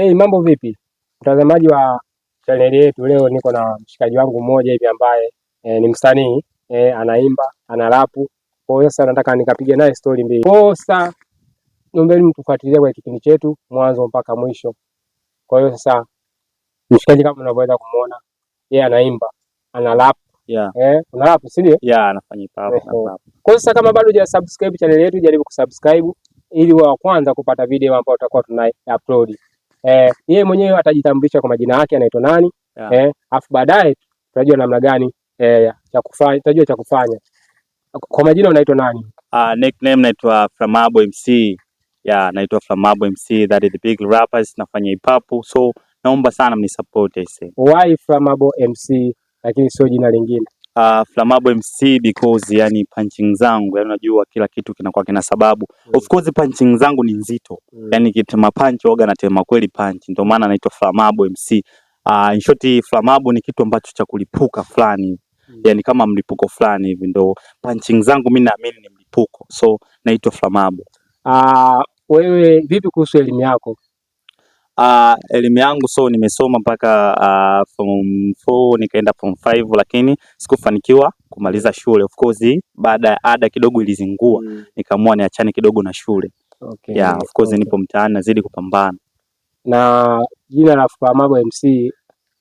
Hey, mambo vipi mtazamaji wa chaneli yetu. Leo niko na mshikaji wangu mmoja hivi ambaye eh, ni msanii eh, anaimba ana anarapu. Kwa hiyo sasa nataka nikapige naye stori mbili. Kwa hiyo sasa niombeni mtufuatilie kwa kipindi chetu mwanzo mpaka mwisho. Kwa hiyo sasa mshikaji, kama unavyoweza kumuona, yeye yeah, anaimba ana anarapu yeah. Eh, una unarapu si ndio? Yeah, anafanya eh, oh. na hapo. Kwa hiyo sasa kama bado hujasubscribe chaneli yetu, jaribu kusubscribe ili wa kwanza kupata video ambayo tutakuwa tunai upload eh, yeye mwenyewe atajitambulisha kwa majina yake, anaitwa nani yeah. eh, afu baadaye tutajua namna gani eh, cha kufanya, tutajua cha kufanya. Kwa majina unaitwa nani? Uh, nickname naitwa Flamabo MC. Yeah, naitwa Flamabo MC, that is the big rappers, nafanya hip hop so naomba sana mnisupport. Why Flamabo MC, lakini sio jina lingine uh, Flamabo MC because yani punching zangu, yani unajua kila kitu kinakuwa kina sababu mm. Of course punching zangu ni nzito mm. Yani kitema punch oga na tema kweli punch, ndio maana naitwa Flamabo MC. Uh, ah, in short Flamabo ni kitu ambacho cha kulipuka fulani mm. Yani kama mlipuko fulani hivi, ndio punching zangu mimi naamini ni mlipuko, so naitwa Flamabo. Uh, wewe vipi kuhusu elimu yako? uh, elimu yangu so nimesoma mpaka uh, form 4 nikaenda form 5 lakini sikufanikiwa kumaliza shule. Of course baada ya ada kidogo ilizingua mm. Nikaamua niachane kidogo na shule okay. Yeah, of course okay. Nipo mtaani nazidi kupambana na jina la Fupahamabwa MC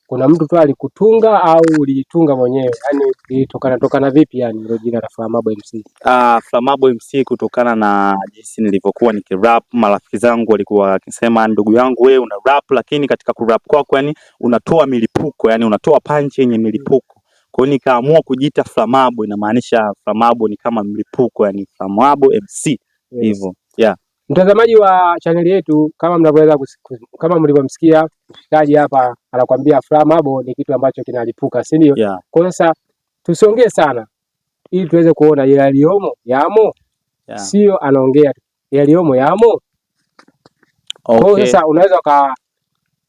kuna mtu tu alikutunga au uliitunga mwenyewe? Yani ilitokana tokana vipi yani ile jina la Flamabo MC? Ah, Flamabo MC kutokana na jinsi nilivyokuwa nikirap, marafiki zangu walikuwa wakisema, ndugu yangu wewe una rap, lakini katika kurap kwako yani unatoa milipuko, yani unatoa panchi yenye milipuko. Kwa hiyo nikaamua kujiita Flamabo, inamaanisha Flamabo ni kama mlipuko, yani Flamabo MC hivyo. Yes. Mtazamaji wa chaneli yetu, kama mnavyoweza kama mlivyomsikia mshikaji hapa anakuambia flamabo ni kitu ambacho kinalipuka, si ndio? Yeah. Kwa sasa tusiongee sana ili tuweze kuona yaliyomo yamo, yeah. Sio anaongea yaliyomo yamo. Okay. Kwa sasa unaweza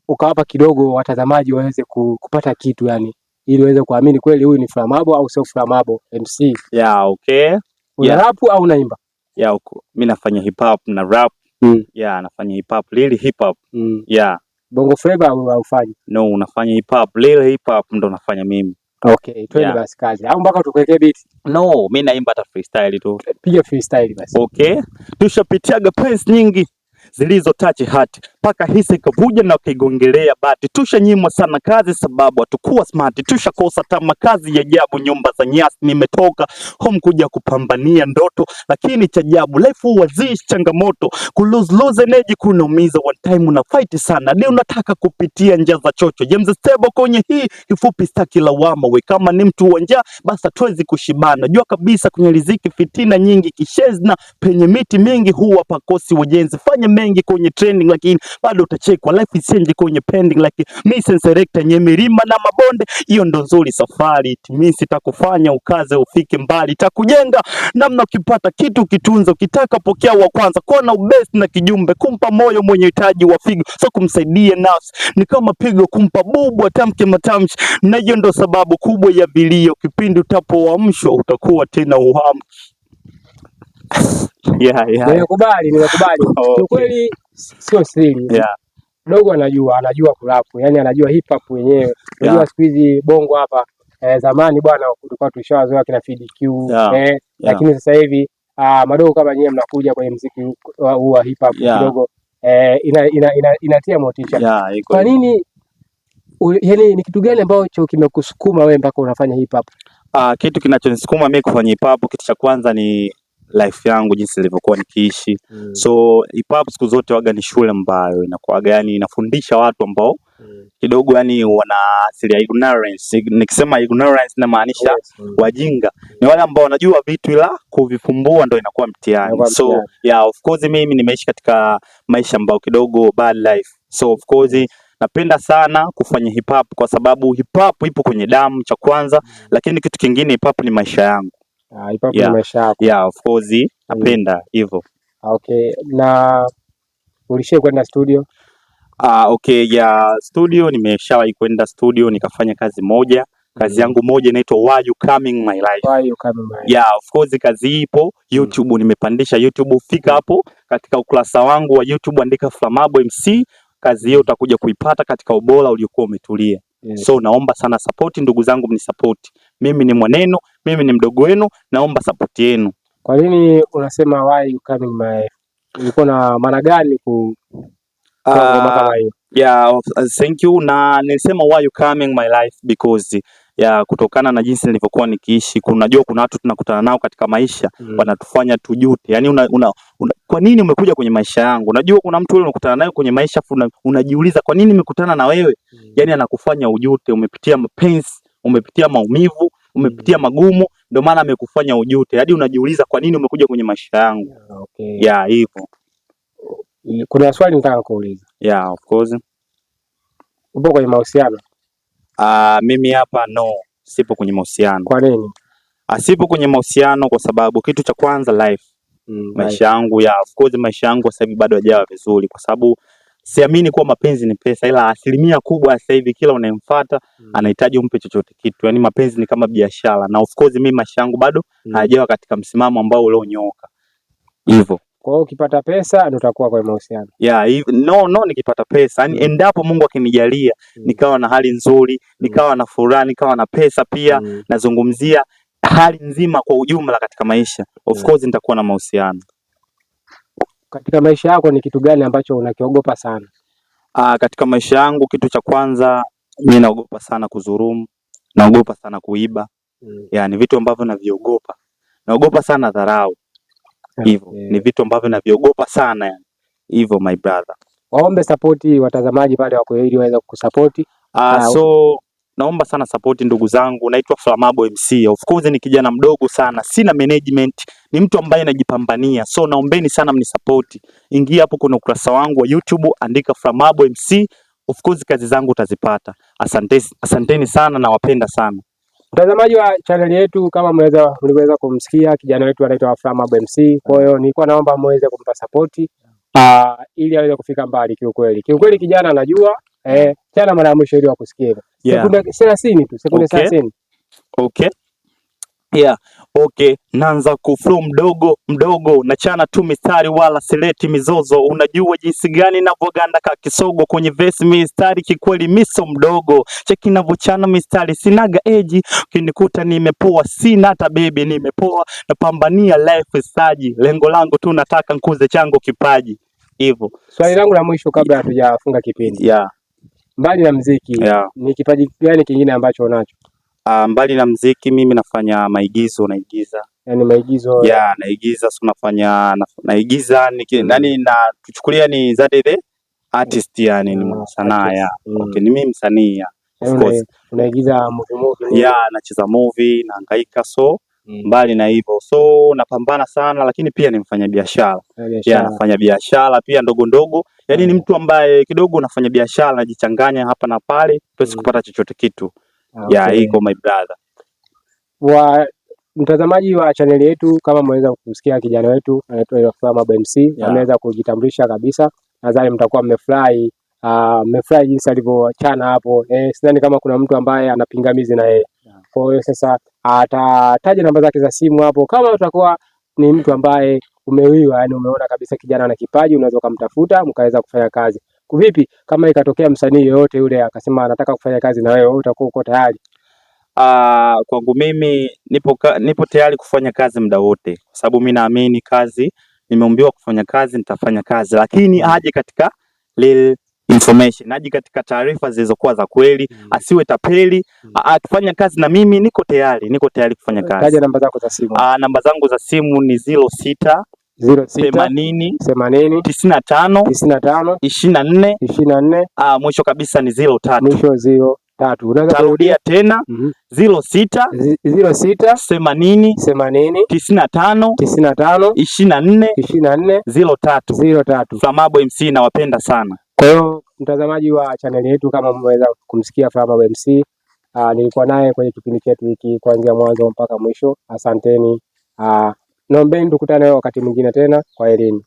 ukawapa kidogo watazamaji waweze kupata kitu yani, ili waweze kuamini kweli huyu ni flamabo au sio flamabo MC. Yeah, okay. Una yeah, au unaimba? ya uko mimi nafanya hip hop na rap mm. ya nafanya hip hop lili hip hop mm. ya bongo flavor au haufanyi? No, unafanya hip hop lili hip hop ndo nafanya mimi. Okay, twende basi kazi. Au mpaka tukweke beat? No, mimi naimba hata freestyle tu. Piga freestyle basi. Okay, tushapitiaga pace nyingi zilizo zilizotachi hati mpaka hisi ikavuja na ukaigongelea bati. Tushanyimwa sana kazi sababu hatukuwa smart, tushakosa tama kazi ya ajabu, nyumba za nyasi. Nimetoka home kuja kupambania ndoto, lakini cha ajabu life huwazishi changamoto. Ku lose lose energy kunaumiza, one time una fight sana, ni unataka kupitia njia za chocho. James Stable kwenye hii kifupi, staki lawama, we kama ni mtu wa njaa basi hatuwezi kushibana. Jua kabisa kwenye riziki fitina nyingi, kishezna penye miti mingi huwa pakosi wajenzi, fanya mengi isenge kwenye trending, lakini bado utachekwa. Life change kwenye pending, lakini mission select nye milima na mabonde, hiyo ndo nzuri safari. means takufanya ukaze ufike mbali, takujenga namna ukipata kitu kitunzo, kitaka pokea wa kwanza, na ubest na kijumbe, kumpa moyo mwenye hitaji wa figo, so kumsaidie nafsi ni kama pigo, kumpa bubu atamke matamshi, na hiyo ndo sababu kubwa ya vilio. Kipindi utapoamshwa utakuwa tena uhamu yeah, yeah. Nimekubali, nimekubali. Okay. Kiukweli sio siri. Yeah. Dogo anajua, anajua kulapu. Yaani anajua hip hop wenyewe. Unajua yeah. Siku hizi bongo hapa eh, zamani bwana kulikuwa tulishawazoea kina Q. yeah. Eh, yeah. Lakini sasa hivi uh, madogo kama nyinyi mnakuja kwenye muziki huu wa hip hop yeah. Kidogo eh, ina, ina, ina, ina motisha. Yeah, kwa nini yaani ni kitu gani ambacho kimekusukuma wewe mpaka unafanya hip hop? Uh, kitu kinachonisukuma mimi kufanya hip hop kitu cha kwanza ni life yangu jinsi nilivyokuwa nikiishi mm. So hip hop siku zote waga ni shule ambayo inakuwaga yani inafundisha watu ambao mm. kidogo yani wana asili ya ignorance. Nikisema ignorance namaanisha yes, mm. wajinga mm. ni wale ambao wanajua vitu ila kuvifumbua ndo inakuwa mtihani. yeah, So yeah, of course mimi nimeishi katika maisha ambayo kidogo bad life, so of course napenda sana kufanya hip hop kwa sababu hip hop ipo kwenye damu cha kwanza mm. lakini kitu kingine hip hop ni maisha yangu Ah, ipo hapo ni Yeah, maisha yako. yeah, of course mm. napenda Mm. hivyo. Ah, okay. Na ulishie kwenda studio? Ah, okay, ya studio nimeshawahi kwenda studio nikafanya kazi moja. Kazi Mm. yangu moja inaitwa Why You Coming My Life. Why you coming my life? Yeah, of course kazi ipo YouTube Mm. YouTube, nimepandisha YouTube. Fika Mm. hapo katika ukurasa wangu wa YouTube, andika Flamabo MC, kazi hiyo utakuja kuipata katika ubora uliokuwa umetulia. yes. So naomba sana support, ndugu zangu mnisupport. Mimi ni mwanenu, mimi ni mdogo wenu, naomba support yenu. Kwa nini unasema why you coming my ulikuwa na maana gani ku ah, uh, yeah, thank you na nilisema why you coming my life because ya kutokana na jinsi nilivyokuwa nikiishi, kunajua kuna watu tunakutana nao katika maisha mm. wanatufanya tujute, yani una, una, una, kwa nini umekuja kwenye maisha yangu? Unajua kuna mtu yule unakutana naye kwenye maisha una, unajiuliza kwa nini nimekutana na wewe mm. yani anakufanya ujute, umepitia mapenzi, umepitia maumivu umepitia mm. magumu, ndio maana amekufanya ujute, hadi unajiuliza kwa nini umekuja kwenye maisha yangu. Ah, okay. ya hivyo. Kuna swali nataka kuuliza. Yeah, of course. Upo kwenye mahusiano? Uh, mimi hapa no, sipo kwenye mahusiano. Kwa nini? Asipo ah, kwenye mahusiano kwa sababu kitu cha kwanza life. Mm, maisha yangu ya of course maisha yangu sasa hivi bado hajawa vizuri kwa sababu siamini kuwa mapenzi ni pesa, ila asilimia kubwa sasa hivi kila unayemfuata mm. anahitaji umpe chochote kitu. Yani mapenzi ni kama biashara, na of course mimi maisha yangu bado mm. hayajawa katika msimamo ambao ulionyooka hivyo. Kwa hiyo ukipata pesa ndio utakuwa kwa mahusiano. Yeah, no no, nikipata pesa yani, hmm. endapo Mungu akinijalia mm. nikawa na hali nzuri, hmm. nikawa na furaha, nikawa na pesa pia mm. nazungumzia hali nzima kwa ujumla katika maisha, of hmm. course nitakuwa na mahusiano. Katika maisha yako ni kitu gani ambacho unakiogopa sana? Aa, ah, katika maisha yangu kitu cha kwanza mimi naogopa sana kuzurumu naogopa sana kuiba. Mm. Yaani vitu ambavyo naviogopa. Naogopa sana dharau. Hivyo Okay. Eh. Ni vitu ambavyo naviogopa sana yani. Hivyo my brother. Waombe sapoti watazamaji pale wako ili waweze kukusapoti. Ah, ah, so naomba sana support ndugu zangu. Naitwa Flamabo MC. Of course ni kijana mdogo sana, sina management, ni mtu ambaye najipambania, so naombeni sana mnisapoti. Ingia hapo, kwenye ukurasa wangu wa YouTube, andika Flamabo MC. Of course kazi zangu utazipata. Asante, asanteni sana, nawapenda sana mtazamaji wa channel yetu. Kama mliweza mliweza kumsikia kijana wetu anaitwa Flamabo MC, kwa hiyo nilikuwa naomba mweze kumpa support uh, ili aweze kufika mbali kiukweli. Kiukweli kijana anajua Eh, tena mara mwisho ili wakusikie hivyo. Sekunde 30 yeah. tu, sekunde 30. Okay. Okay. Yeah, okay, naanza kuflu mdogo mdogo, nachana tu mistari wala sileti mizozo. Unajua jinsi gani navyoganda ka kisogo kwenye vesi mistari, kikweli miso mdogo, cheki navyochana mistari, sinaga eji, ukinikuta nimepoa, sina hata bebi, nimepoa, napambania life saji, lengo langu tu nataka nkuze chango kipaji hivyo. Swali langu la mwisho kabla hatujafunga yeah. kipindi, yeah. Mbali na mziki yeah. Ni kipaji gani kingine ambacho unacho? Uh, mbali na mziki mimi nafanya maigizo, naigiza yani maigizo ya yeah, naigiza si nafanya naigiza niki, mm. Yani na tuchukulia ni zade the artist yani ni mm, sanaa ya mm. okay, ni mimi msanii ya of yaani course unaigiza movie movie yeah, nacheza movie nahangaika so mm. Mbali na hivyo so napambana sana, lakini pia ni mfanyabiashara yeah, nafanya biashara pia ndogo ndogo Yaani ni mm. mtu ambaye kidogo unafanya biashara anajichanganya hapa na pale, tuwezi Mm. kupata chochote kitu. Yeah, Okay. iko my brother. Wa mtazamaji wa chaneli yetu, kama mmeweza kumsikia kijana wetu anaitwa Ilfama BMC Yeah. ameweza kujitambulisha kabisa. Nadhani mtakuwa mmefurahi, ah, mmefurahi jinsi alivyochana hapo. Eh, sidhani kama kuna mtu ambaye ana pingamizi na yeye. Yeah. Kwa hiyo sasa atataja namba zake za simu hapo, kama utakuwa ni mtu ambaye umewiwa, yani umeona kabisa kijana ana kipaji, unaweza ukamtafuta mkaweza kufanya kazi. Kuvipi kama ikatokea msanii yoyote yule akasema anataka kufanya kazi na wewe, utakuwa uko tayari? Uh, kwangu mimi nipo, nipo tayari kufanya kazi muda wote, kwa sababu mi naamini kazi, nimeumbiwa kufanya kazi, nitafanya kazi, lakini aje katika lil information, aje katika taarifa zilizokuwa za kweli, hmm. asiwe tapeli. Hmm. Akifanya kazi na mimi niko tayari, niko tayari kufanya kazi. Taja namba zako za simu. Ah, namba zangu za simu ni ziro sita themanini tisini na tano ishirini na nne ishirini na nne mwisho kabisa ni ziro tatu. Mwisho ziro tatu. tena ziro sita ziro sita themanini themanini tisini na tano tisini na tano ishirini na nne ishirini na nne ziro tatu tatu. Flamabo mhm. MC nawapenda sana. Kwa hiyo mtazamaji wa chaneli yetu, kama mmeweza kumsikia Fahma MC, ah, nilikuwa naye kwenye kipindi chetu hiki kuanzia mwanzo mpaka mwisho. Asanteni, ah, naombeni tukutane wakati mwingine tena. Kwa herini.